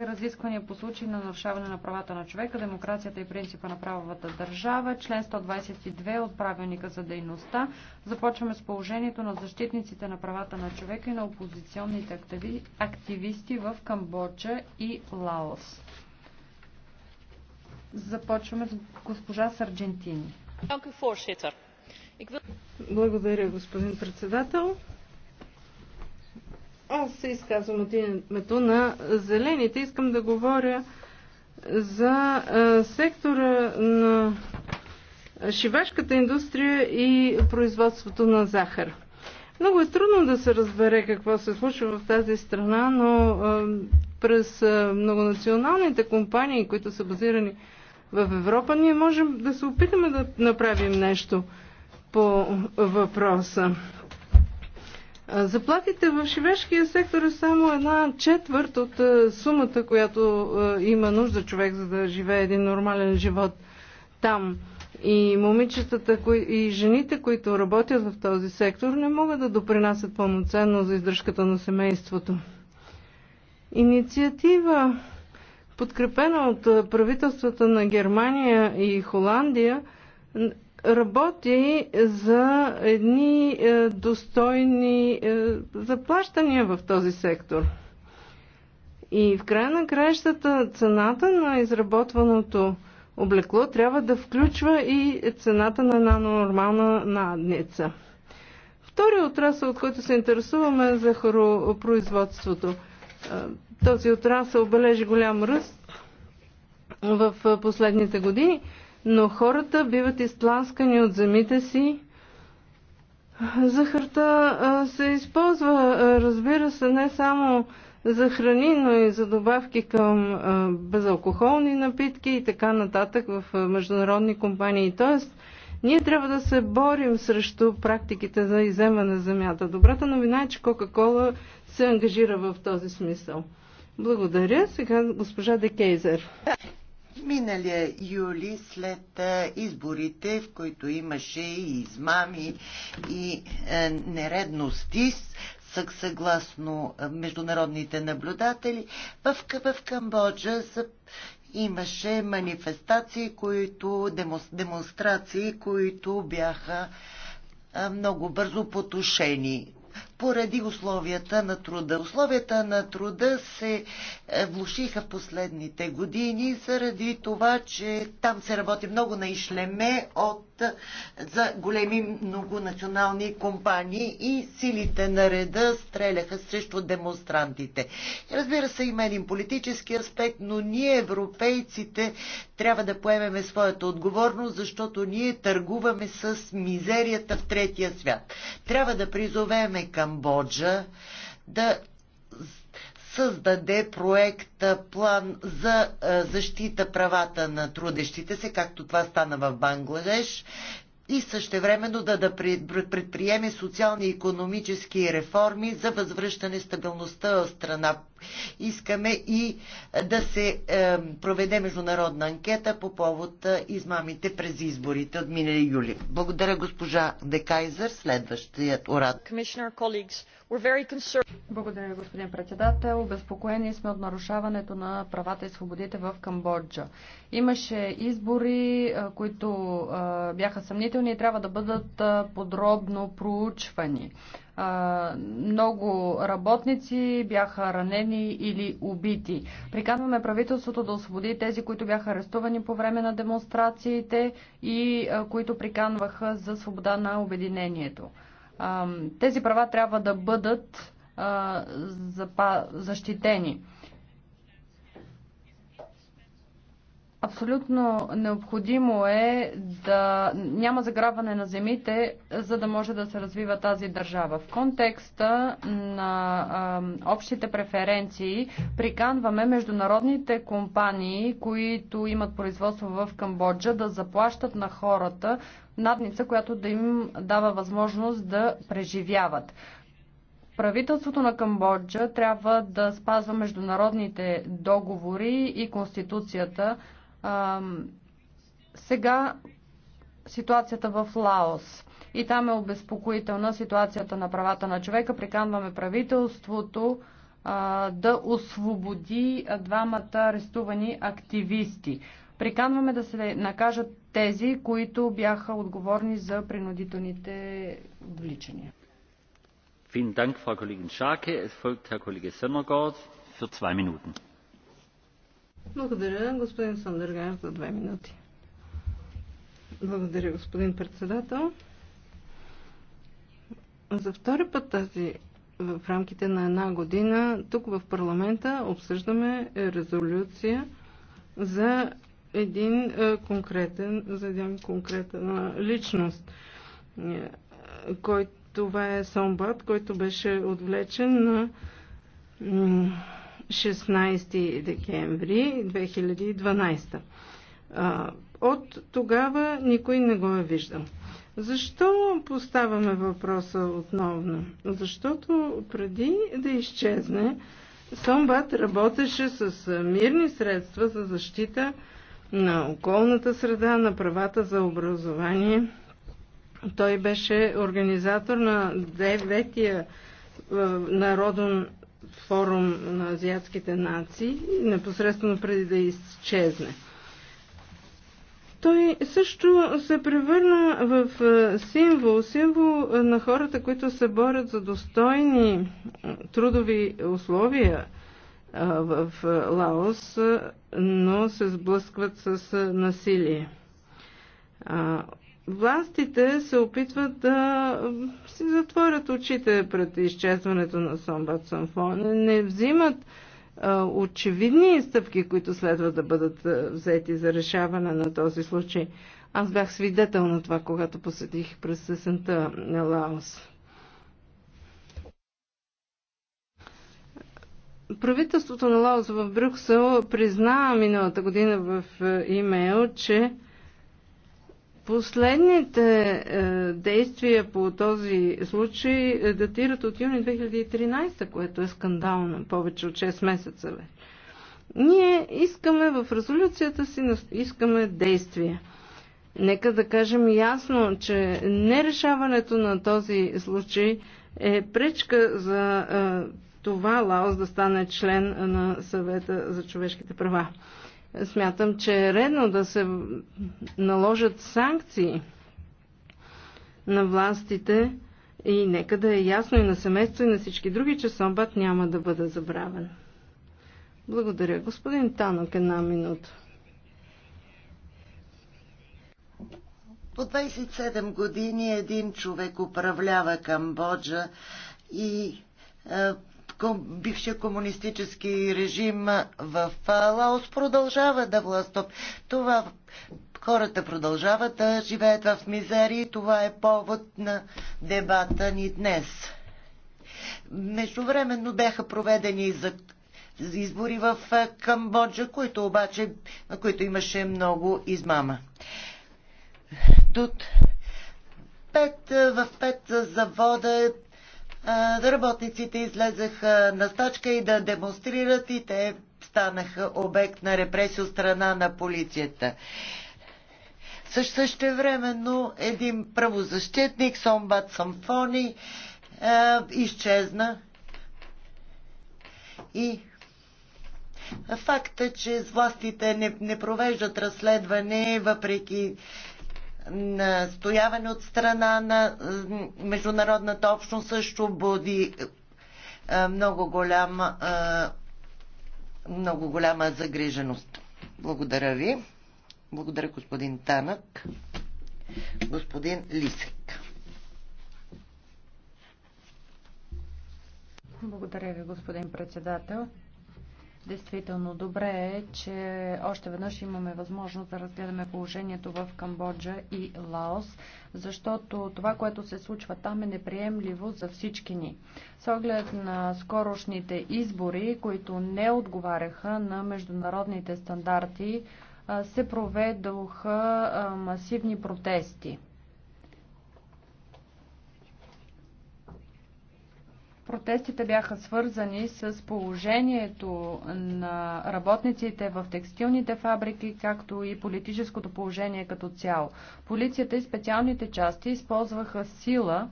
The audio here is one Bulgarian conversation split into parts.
разисквания по случаи на нарушаване на правата на човека, демокрацията и принципа на правовата държава, член 122 от правилника за дейността. Започваме с положението на защитниците на правата на човека и на опозиционните активисти в Камбоджа и Лаос. Започваме с госпожа Сарджентини. Благодаря, господин председател. Аз се изказвам от името на зелените. Искам да говоря за сектора на шивашката индустрия и производството на захар. Много е трудно да се разбере какво се случва в тази страна, но през многонационалните компании, които са базирани в Европа, ние можем да се опитаме да направим нещо по въпроса. Заплатите в шивешкия сектор е само една четвърт от сумата, която има нужда човек, за да живее един нормален живот там. И момичетата и жените, които работят в този сектор, не могат да допринасят пълноценно за издръжката на семейството. Инициатива, подкрепена от правителствата на Германия и Холандия, работи за едни е, достойни е, заплащания в този сектор. И в края на краищата цената на изработваното облекло трябва да включва и цената на една нормална надница. Втория отрасъл, от който се интересуваме е хоропроизводството. Е, този отрасъл обележи голям ръст в последните години но хората биват изтланскани от земите си. Захарта се използва, разбира се, не само за храни, но и за добавки към безалкохолни напитки и така нататък в международни компании. Тоест, ние трябва да се борим срещу практиките за иземане на земята. Добрата новина е, че Кока-Кола се ангажира в този смисъл. Благодаря. Сега госпожа Декейзер. Миналия юли след изборите, в които имаше и измами и е, нередности, съгласно международните наблюдатели, в, в Камбоджа имаше манифестации, които, демонстрации, които бяха много бързо потушени поради условията на труда. Условията на труда се е, влушиха в последните години заради това, че там се работи много на ишлеме от, е, за големи многонационални компании и силите на реда стреляха срещу демонстрантите. Разбира се, има един политически аспект, но ние, европейците, трябва да поемеме своята отговорност, защото ние търгуваме с мизерията в третия свят. Трябва да призовеме към Камбоджа да създаде проект план за защита правата на трудещите се, както това стана в Бангладеш, и същевременно да, да предприеме социални и економически реформи за възвръщане стабилността в страна. Искаме и е, да се е, проведе международна анкета по повод е, измамите през изборите от минали юли. Благодаря госпожа Декайзер, следващият урад. Благодаря, господин председател. Обезпокоени сме от нарушаването на правата и свободите в Камбоджа. Имаше избори, които бяха съмнителни и трябва да бъдат подробно проучвани. Много работници бяха ранени или убити. Приканваме правителството да освободи тези, които бяха арестувани по време на демонстрациите и които приканваха за свобода на обединението тези права трябва да бъдат защитени. Абсолютно необходимо е да няма заграване на земите, за да може да се развива тази държава. В контекста на а, общите преференции приканваме международните компании, които имат производство в Камбоджа, да заплащат на хората надница, която да им дава възможност да преживяват. Правителството на Камбоджа трябва да спазва международните договори и конституцията сега ситуацията в Лаос. И там е обезпокоителна ситуацията на правата на човека. Приканваме правителството а, да освободи двамата арестувани активисти. Приканваме да се накажат тези, които бяха отговорни за принудителните вличания. Vielen Dank, Frau Kollegin Scharke. Es folgt Herr Kollege Sönnergaard für zwei Minuten. Благодаря, господин Сандъргар, за две минути. Благодаря, господин председател. За втори път тази в рамките на една година тук в парламента обсъждаме резолюция за един е, конкретен, за един конкретен личност, е, кой, това е Сомбат, който беше отвлечен на 16 декември 2012. От тогава никой не го е виждал. Защо поставяме въпроса отново? Защото преди да изчезне, Сомбат работеше с мирни средства за защита на околната среда, на правата за образование. Той беше организатор на деветия народен форум на азиатските нации, непосредствено преди да изчезне. Той също се превърна в е, символ, символ на хората, които се борят за достойни е, трудови условия е, в Лаос, но се сблъскват с насилие. Властите се опитват да си затворят очите пред изчезването на Сомбат Самфоне, не взимат очевидни стъпки, които следва да бъдат взети за решаване на този случай. Аз бях свидетел на това, когато посетих през сесента на Лаос. Правителството на Лаос в Брюксел призна миналата година в имейл, че Последните е, действия по този случай е, датират от юни 2013, което е скандално, повече от 6 месеца вече. Ние искаме в резолюцията си, искаме действия. Нека да кажем ясно, че нерешаването на този случай е пречка за е, това Лаос да стане член на съвета за човешките права. Смятам, че е редно да се наложат санкции на властите и нека да е ясно и на семейство и на всички други, че Сомбат няма да бъде забравен. Благодаря. Господин Танок, една минута. По 27 години един човек управлява Камбоджа и е, бившия комунистически режим в Лаос продължава да властоп. Това хората продължават да живеят в мизери, и това е повод на дебата ни днес. Междувременно бяха проведени за избори в Камбоджа, които обаче, на които имаше много измама. Тут пет, в пет завода работниците излезаха на стачка и да демонстрират и те станаха обект на репресия от страна на полицията. Също същевременно един правозащитник, Сомбат Самфони, е, изчезна. И факта, че властите не, не провеждат разследване, въпреки настояване от страна на е, международната общност също буди е, много голяма, е, много голяма загриженост. Благодаря ви. Благодаря господин Танък. Господин Лисек. Благодаря ви, господин председател. Действително добре е, че още веднъж имаме възможност да разгледаме положението в Камбоджа и Лаос, защото това, което се случва там е неприемливо за всички ни. С оглед на скорошните избори, които не отговаряха на международните стандарти, се проведоха масивни протести. Протестите бяха свързани с положението на работниците в текстилните фабрики, както и политическото положение като цяло. Полицията и специалните части използваха сила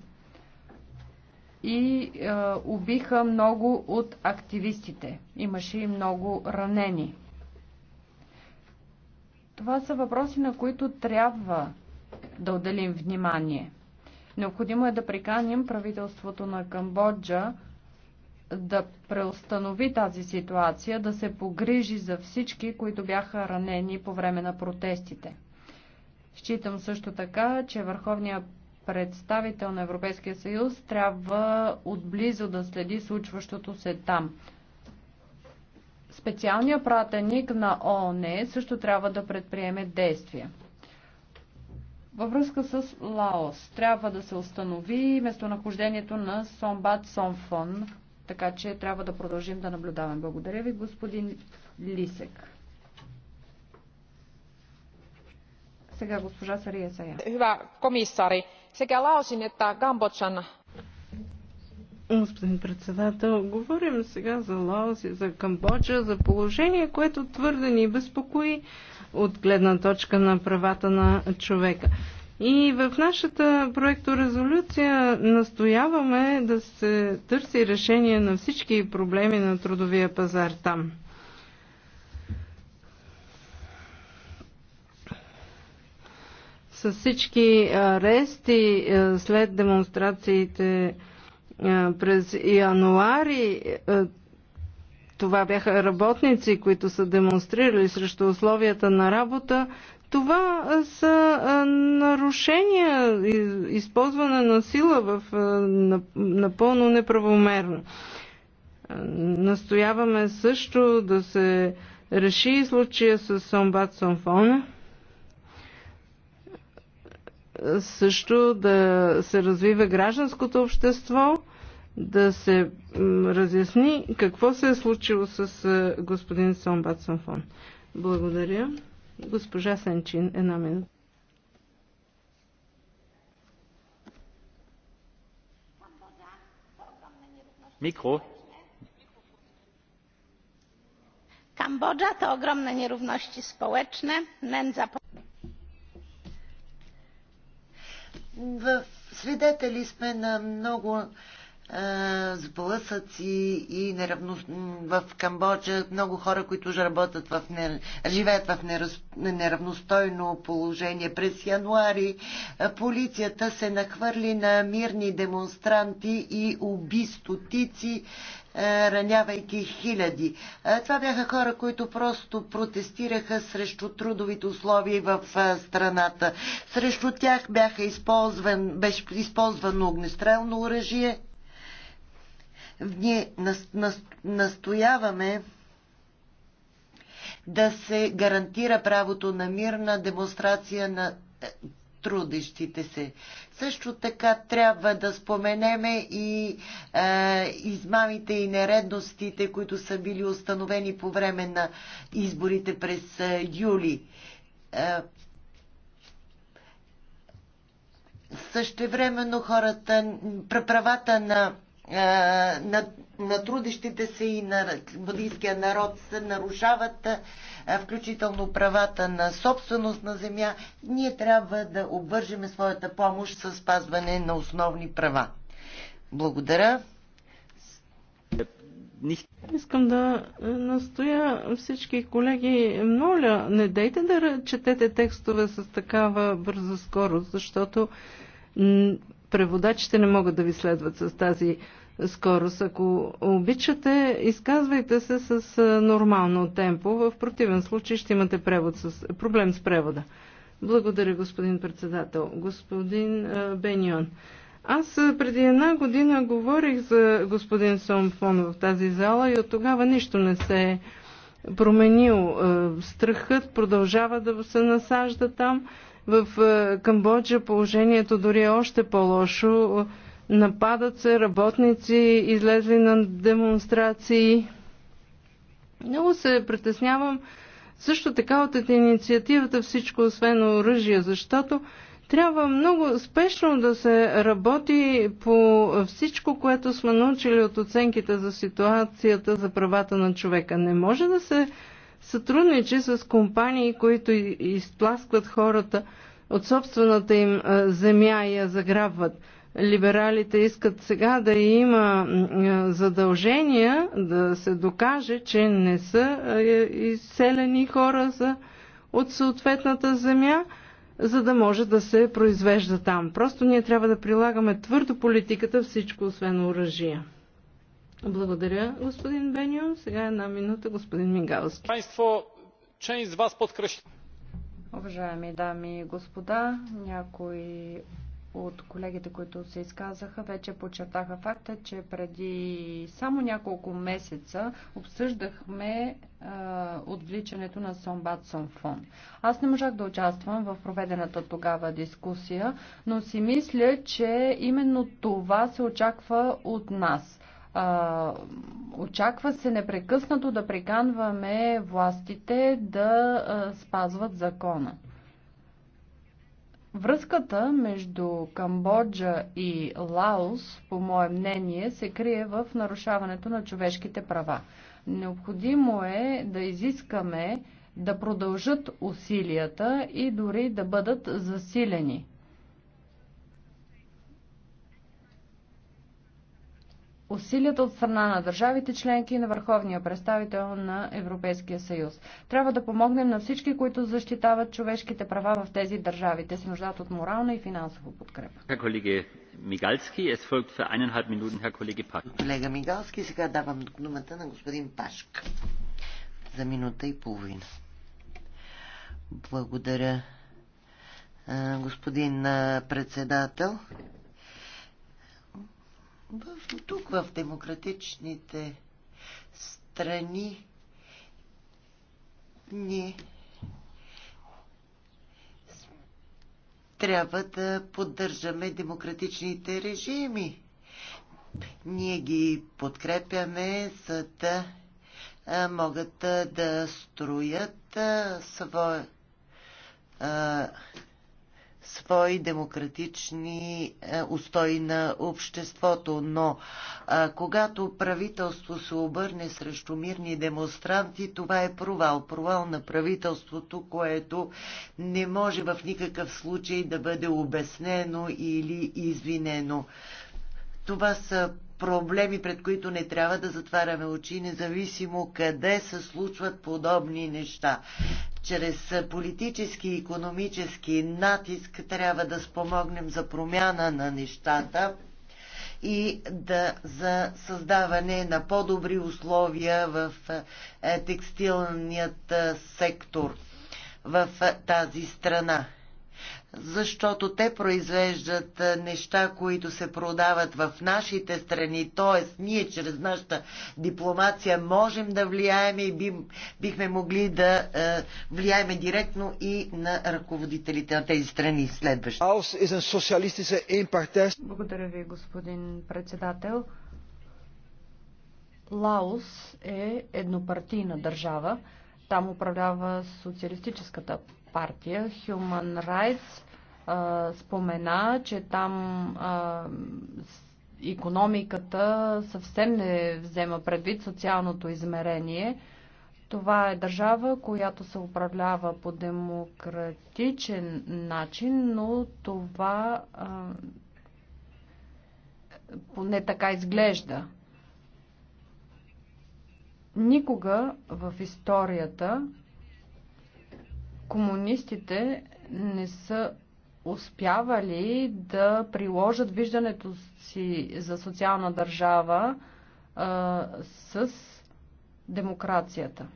и е, убиха много от активистите. Имаше и много ранени. Това са въпроси, на които трябва да отделим внимание. Необходимо е да приканим правителството на Камбоджа да преустанови тази ситуация, да се погрижи за всички, които бяха ранени по време на протестите. Считам също така, че Върховният представител на Европейския съюз трябва отблизо да следи случващото се там. Специалният пратеник на ООН също трябва да предприеме действия. Във връзка с Лаос трябва да се установи местонахождението на Сомбат Сомфон, така че трябва да продължим да наблюдаваме. Благодаря ви, господин Лисек. Сега госпожа Сария Сая. Комисари, сега sekä Laosin että Kambodžan Господин председател, говорим сега за Лаос и за Камбоджа, за положение, което твърде ни безпокои от гледна точка на правата на човека. И в нашата проекторезолюция настояваме да се търси решение на всички проблеми на трудовия пазар там. С всички арести е, след демонстрациите през януари това бяха работници, които са демонстрирали срещу условията на работа. Това са нарушения, използване на сила в напълно неправомерно. Настояваме също да се реши случая с Сомбат Сонфона също да се развива гражданското общество, да се разясни какво се е случило с господин Сомбат Санфон. Благодаря. Госпожа Сенчин, една минута. Микро. Kambodża to ogromne nierówności społeczne, за в свидетели сме на много сблъсъци и неравно... в Камбоджа много хора, които работят в не... живеят в нераз... неравностойно положение. През януари полицията се нахвърли на мирни демонстранти и уби стотици е, ранявайки хиляди. Е, това бяха хора, които просто протестираха срещу трудовите условия в е, страната. Срещу тях бяха използван, беше използвано огнестрелно оръжие. Ние настояваме да се гарантира правото на мирна демонстрация на трудещите се. Също така трябва да споменеме и е, измамите и нередностите, които са били установени по време на изборите през е, юли. Е, същевременно хората, правата на на, на трудещите се и на буддийския народ се нарушават включително правата на собственост на земя, ние трябва да обвържеме своята помощ с спазване на основни права. Благодаря. Искам да е, настоя всички колеги, моля, не дейте да четете текстове с такава бърза скорост, защото преводачите не могат да ви следват с тази скорост. Ако обичате, изказвайте се с нормално темпо. В противен случай ще имате превод с... проблем с превода. Благодаря, господин председател. Господин Бенион. Аз преди една година говорих за господин Сомфон в тази зала и от тогава нищо не се е променил. Страхът продължава да се насажда там. В е, Камбоджа положението дори е още по-лошо. Нападат се работници, излезли на демонстрации. Много се притеснявам също така от инициативата всичко освен оръжие, защото трябва много спешно да се работи по всичко, което сме научили от оценките за ситуацията за правата на човека. Не може да се сътрудничи с компании, които изтласкват хората от собствената им земя и я заграбват. Либералите искат сега да има задължения да се докаже, че не са изселени хора за, от съответната земя, за да може да се произвежда там. Просто ние трябва да прилагаме твърдо политиката всичко, освен оръжия. Благодаря, господин Бенио. Сега една минута, господин Мингалски. Уважаеми дами и господа, някои от колегите, които се изказаха, вече подчертаха факта, че преди само няколко месеца обсъждахме а, отвличането на Сомбат Сомфон. Аз не можах да участвам в проведената тогава дискусия, но си мисля, че именно това се очаква от нас – а, очаква се непрекъснато да приканваме властите да а, спазват закона. Връзката между Камбоджа и Лаос, по мое мнение, се крие в нарушаването на човешките права. Необходимо е да изискаме да продължат усилията и дори да бъдат засилени. усилията от страна на държавите членки и на върховния представител на Европейския съюз. Трябва да помогнем на всички, които защитават човешките права в тези държави. Те се нуждат от морална и финансова подкрепа. Мигалски, е Колега Мигалски, сега давам думата на господин Пашк за минута и половина. Благодаря, господин председател. В, тук в демократичните страни ни трябва да поддържаме демократичните режими. Ние ги подкрепяме, за да могат да строят своя свои демократични е, устои на обществото. Но а, когато правителство се обърне срещу мирни демонстранти, това е провал. Провал на правителството, което не може в никакъв случай да бъде обяснено или извинено. Това са проблеми, пред които не трябва да затваряме очи, независимо къде се случват подобни неща. Чрез политически и економически натиск трябва да спомогнем за промяна на нещата и да, за създаване на по-добри условия в е, текстилният е, сектор в е, тази страна защото те произвеждат неща, които се продават в нашите страни, т.е. ние чрез нашата дипломация можем да влияем и бихме могли да е, влияеме директно и на ръководителите на тези страни следващи. Е Благодаря ви, господин председател. Лаос е еднопартийна държава. Там управлява социалистическата партия Human Rights спомена, че там економиката съвсем не взема предвид социалното измерение. Това е държава, която се управлява по демократичен начин, но това поне така изглежда. Никога в историята комунистите не са успявали да приложат виждането си за социална държава а, с демокрацията.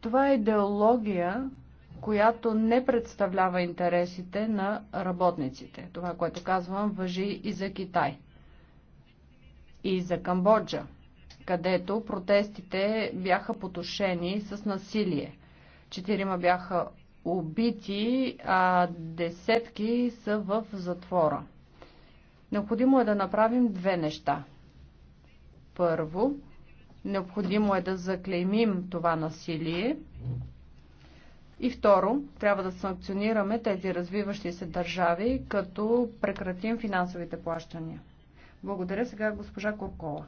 Това е идеология, която не представлява интересите на работниците. Това, което казвам, въжи и за Китай, и за Камбоджа където протестите бяха потушени с насилие. Четирима бяха убити, а десетки са в затвора. Необходимо е да направим две неща. Първо, необходимо е да заклеймим това насилие. И второ, трябва да санкционираме тези развиващи се държави, като прекратим финансовите плащания. Благодаря сега госпожа Куркова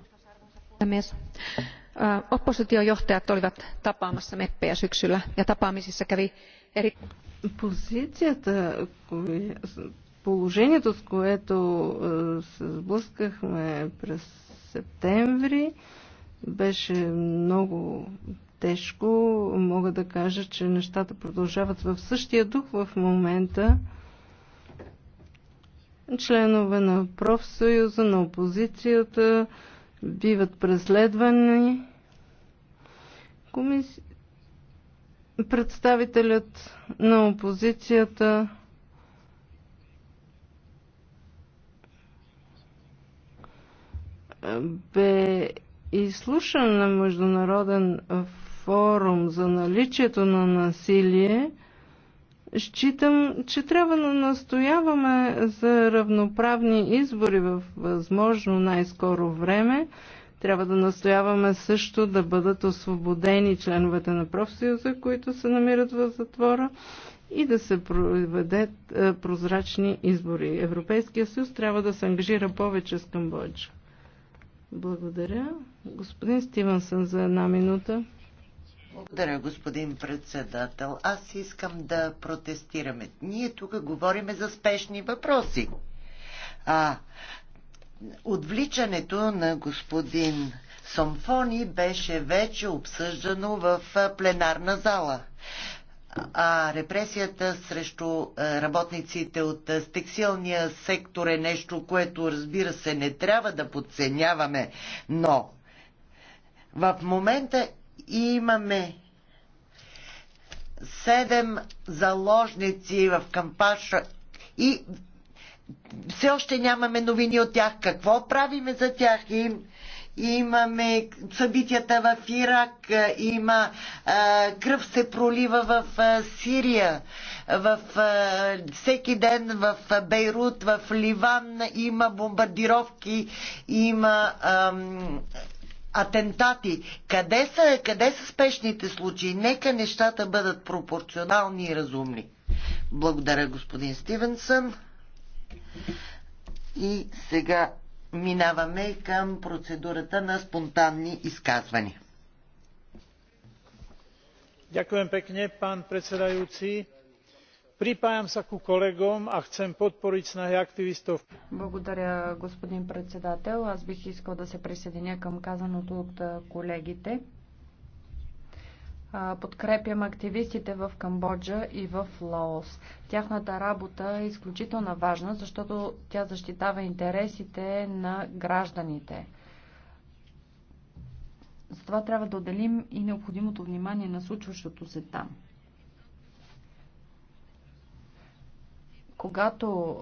puhemies oppositiojohtajat olivat tapaamassa meppejä syksyllä ja tapaamisissa kävi eri... Позицията, положението, с което е, се сблъскахме през септември, беше много тежко. Мога да кажа, че нещата продължават в същия дух в момента. Членове на профсъюза, на опозицията, биват преследвани. Комис... Представителят на опозицията бе изслушан на Международен форум за наличието на насилие Считам, че трябва да настояваме за равноправни избори в възможно най-скоро време. Трябва да настояваме също да бъдат освободени членовете на профсъюза, които се намират в затвора и да се проведат е, прозрачни избори. Европейския съюз трябва да се ангажира повече с Камбоджа. Благодаря. Господин Стивенсън за една минута. Благодаря, господин председател. Аз искам да протестираме. Ние тук говориме за спешни въпроси. А отвличането на господин Сомфони беше вече обсъждано в пленарна зала. А репресията срещу работниците от текстилния сектор е нещо, което разбира се не трябва да подценяваме, но в момента имаме седем заложници в Кампаша и все още нямаме новини от тях. Какво правиме за тях? Им, имаме събитията в Ирак, има а, кръв се пролива в а, Сирия, в а, всеки ден в Бейрут, в Ливан има бомбардировки, има а, атентати. Къде са, къде са спешните случаи? Нека нещата бъдат пропорционални и разумни. Благодаря, господин Стивенсън. И сега минаваме към процедурата на спонтанни изказвания. Ďakujem пекне, пан председаючи. Припаям се ку колегом, а chcem подпорить снахи активистов. Благодаря, господин председател. Аз бих искал да се присъединя към казаното от колегите. Подкрепям активистите в Камбоджа и в Лаос. Тяхната работа е изключително важна, защото тя защитава интересите на гражданите. Затова трябва да отделим и необходимото внимание на случващото се там. Когато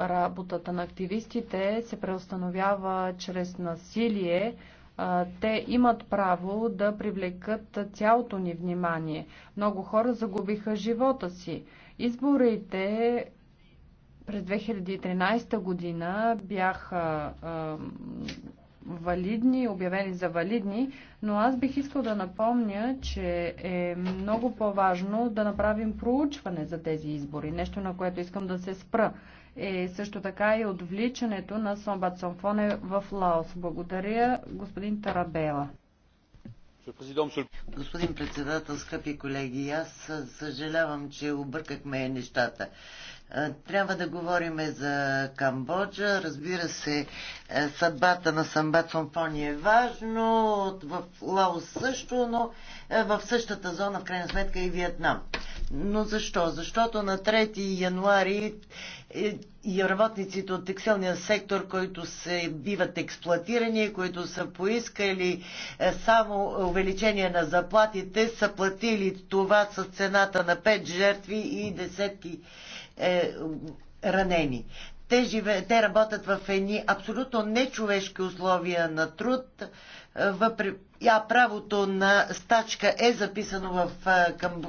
работата на активистите се преустановява чрез насилие, те имат право да привлекат цялото ни внимание. Много хора загубиха живота си. Изборите през 2013 година бяха валидни, обявени за валидни, но аз бих искал да напомня, че е много по-важно да направим проучване за тези избори, нещо на което искам да се спра. Е също така и отвличането на Сомбат Сомфоне в Лаос. Благодаря, господин Тарабела. Господин председател, скъпи колеги, аз съжалявам, че объркахме нещата. Трябва да говорим за Камбоджа. Разбира се, е, съдбата на Самбат Сомфони е важно, в Лаос също, но е, в същата зона, в крайна сметка, и Виетнам. Но защо? Защото на 3 януари е, и работниците от текстилния сектор, които се биват експлуатирани, които са поискали само увеличение на заплатите, са платили това с цената на 5 жертви и десетки е, ранени. Те, живе, те работят в едни абсолютно нечовешки условия на труд, е, въпреки а правото на стачка е записано в, е, към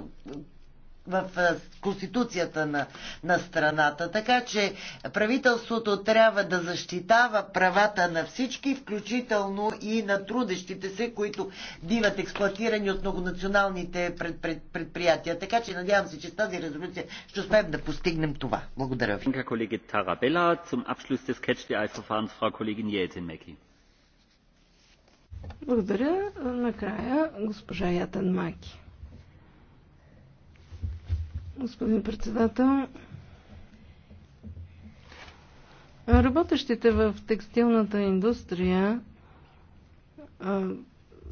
в конституцията на, на страната. Така че правителството трябва да защитава правата на всички, включително и на трудещите се, които биват експлуатирани от многонационалните пред, пред, предприятия. Така че надявам се, че с тази резолюция ще успеем да постигнем това. Благодаря ви. Колеги Тарабела, zum Abschluss des Catch the Eye-Verfahrens, Frau Kollegin Благодаря. Накрая госпожа Ятен Маки господин председател. Работещите в текстилната индустрия а,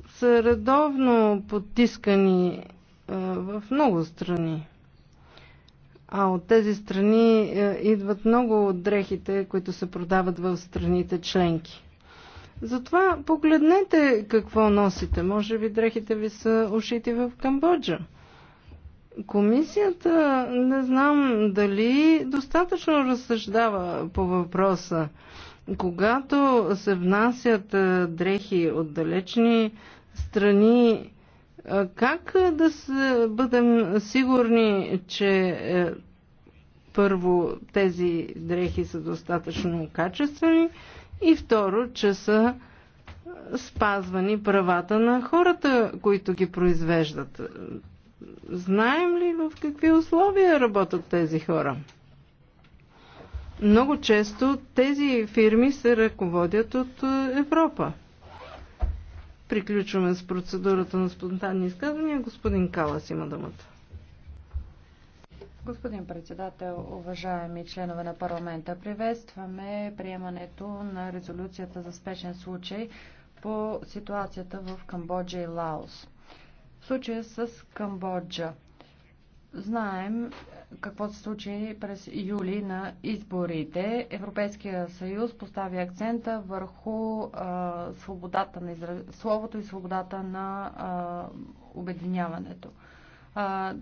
са редовно потискани а, в много страни. А от тези страни а, идват много от дрехите, които се продават в страните членки. Затова погледнете какво носите. Може би дрехите ви са ушити в Камбоджа. Комисията не знам дали достатъчно разсъждава по въпроса. Когато се внасят дрехи от далечни страни, как да се бъдем сигурни, че е, първо тези дрехи са достатъчно качествени и второ, че са спазвани правата на хората, които ги произвеждат. Знаем ли в какви условия работят тези хора? Много често тези фирми се ръководят от е, Европа. Приключваме с процедурата на спонтанни изказвания. Господин Калас има думата. Господин председател, уважаеми членове на парламента, приветстваме приемането на резолюцията за спешен случай по ситуацията в Камбоджа и Лаос случая с Камбоджа. Знаем какво се случи през юли на изборите. Европейския съюз постави акцента върху а, свободата на изра... словото и свободата на а, обединяването. А,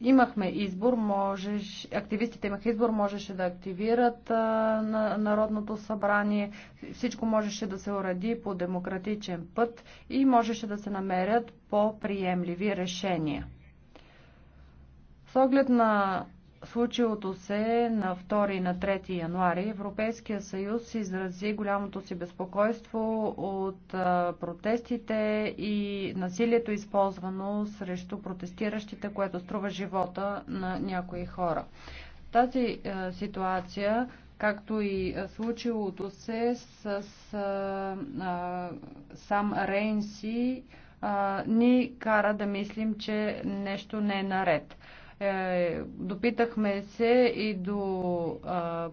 имахме избор, можеш, активистите имаха избор, можеше да активират а, на, Народното събрание, всичко можеше да се уреди по демократичен път и можеше да се намерят по-приемливи решения. С оглед на случилото се на 2 и на 3 януари, Европейския съюз изрази голямото си безпокойство от протестите и насилието използвано срещу протестиращите, което струва живота на някои хора. Тази ситуация, както и случилото се с сам Рейнси, ни кара да мислим, че нещо не е наред. Е, допитахме се и до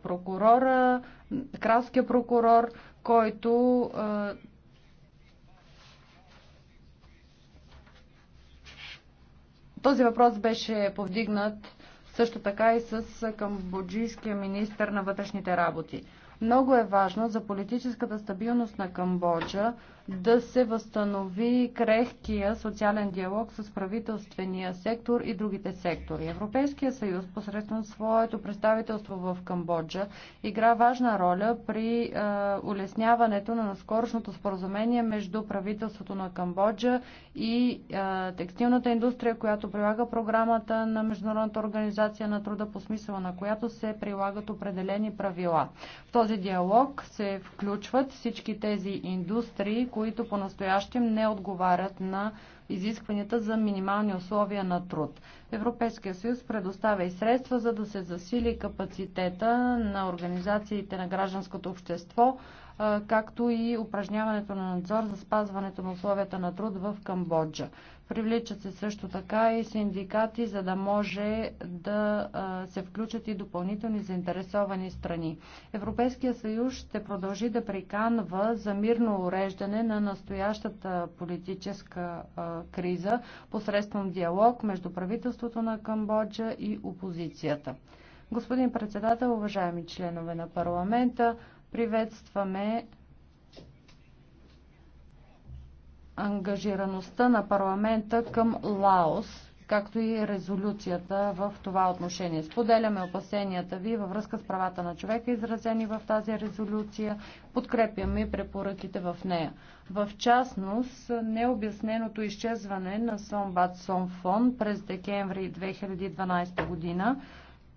прокурора, кралския прокурор, който Този въпрос беше повдигнат също така и с камбоджийския министр на вътрешните работи. Много е важно за политическата стабилност на Камбоджа да се възстанови крехкия социален диалог с правителствения сектор и другите сектори. Европейския съюз посредством своето представителство в Камбоджа игра важна роля при е, улесняването на наскорошното споразумение между правителството на Камбоджа и е, текстилната индустрия, която прилага програмата на Международната организация на труда, по смисъла на която се прилагат определени правила. В този този диалог се включват всички тези индустрии, които по-настоящем не отговарят на изискванията за минимални условия на труд. Европейския съюз предоставя и средства, за да се засили капацитета на организациите на гражданското общество, както и упражняването на надзор за спазването на условията на труд в Камбоджа. Привличат се също така и синдикати, за да може да се включат и допълнителни заинтересовани страни. Европейския съюз ще продължи да приканва за мирно уреждане на настоящата политическа криза посредством диалог между правителството на Камбоджа и опозицията. Господин председател, уважаеми членове на парламента, Приветстваме ангажираността на парламента към Лаос, както и резолюцията в това отношение. Споделяме опасенията ви във връзка с правата на човека, изразени в тази резолюция. Подкрепяме препоръките в нея. В частност, необясненото изчезване на Сомбат Сомфон през декември 2012 година,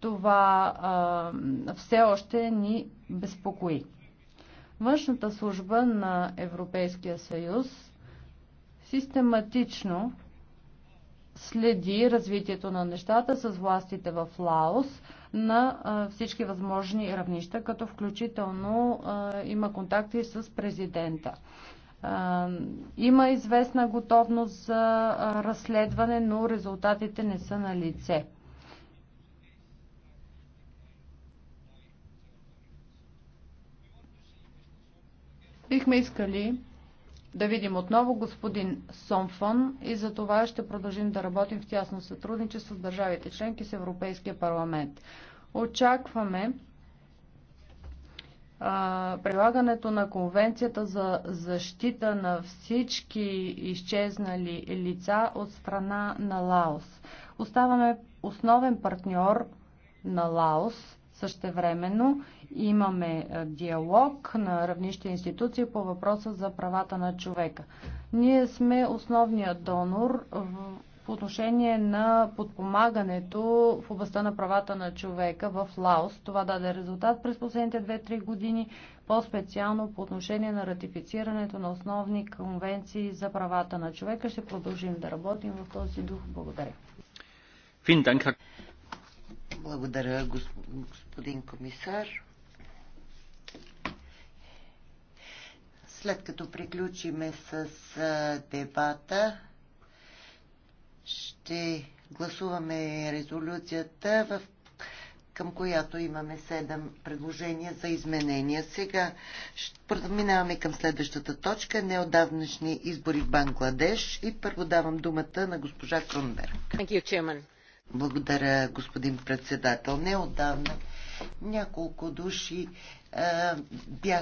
това а, все още ни безпокои. Външната служба на Европейския съюз систематично следи развитието на нещата с властите в Лаос на всички възможни равнища, като включително има контакти с президента. Има известна готовност за разследване, но резултатите не са на лице. Бихме искали да видим отново господин Сомфон и за това ще продължим да работим в тясно сътрудничество с държавите членки с Европейския парламент. Очакваме а, прилагането на Конвенцията за защита на всички изчезнали лица от страна на Лаос. Оставаме основен партньор на Лаос Същевременно имаме диалог на равнище институции по въпроса за правата на човека. Ние сме основният донор в по отношение на подпомагането в областта на правата на човека в Лаос. Това даде резултат през последните 2-3 години, по-специално по отношение на ратифицирането на основни конвенции за правата на човека. Ще продължим да работим в този дух. Благодаря. Благодаря, господин комисар. След като приключиме с дебата, ще гласуваме резолюцията, в, към която имаме 7 предложения за изменения. Сега минаваме към следващата точка неодавнашни избори в Бангладеш и първо давам думата на госпожа Кронберг. Благодаря, господин председател. Неодавна няколко души а, бях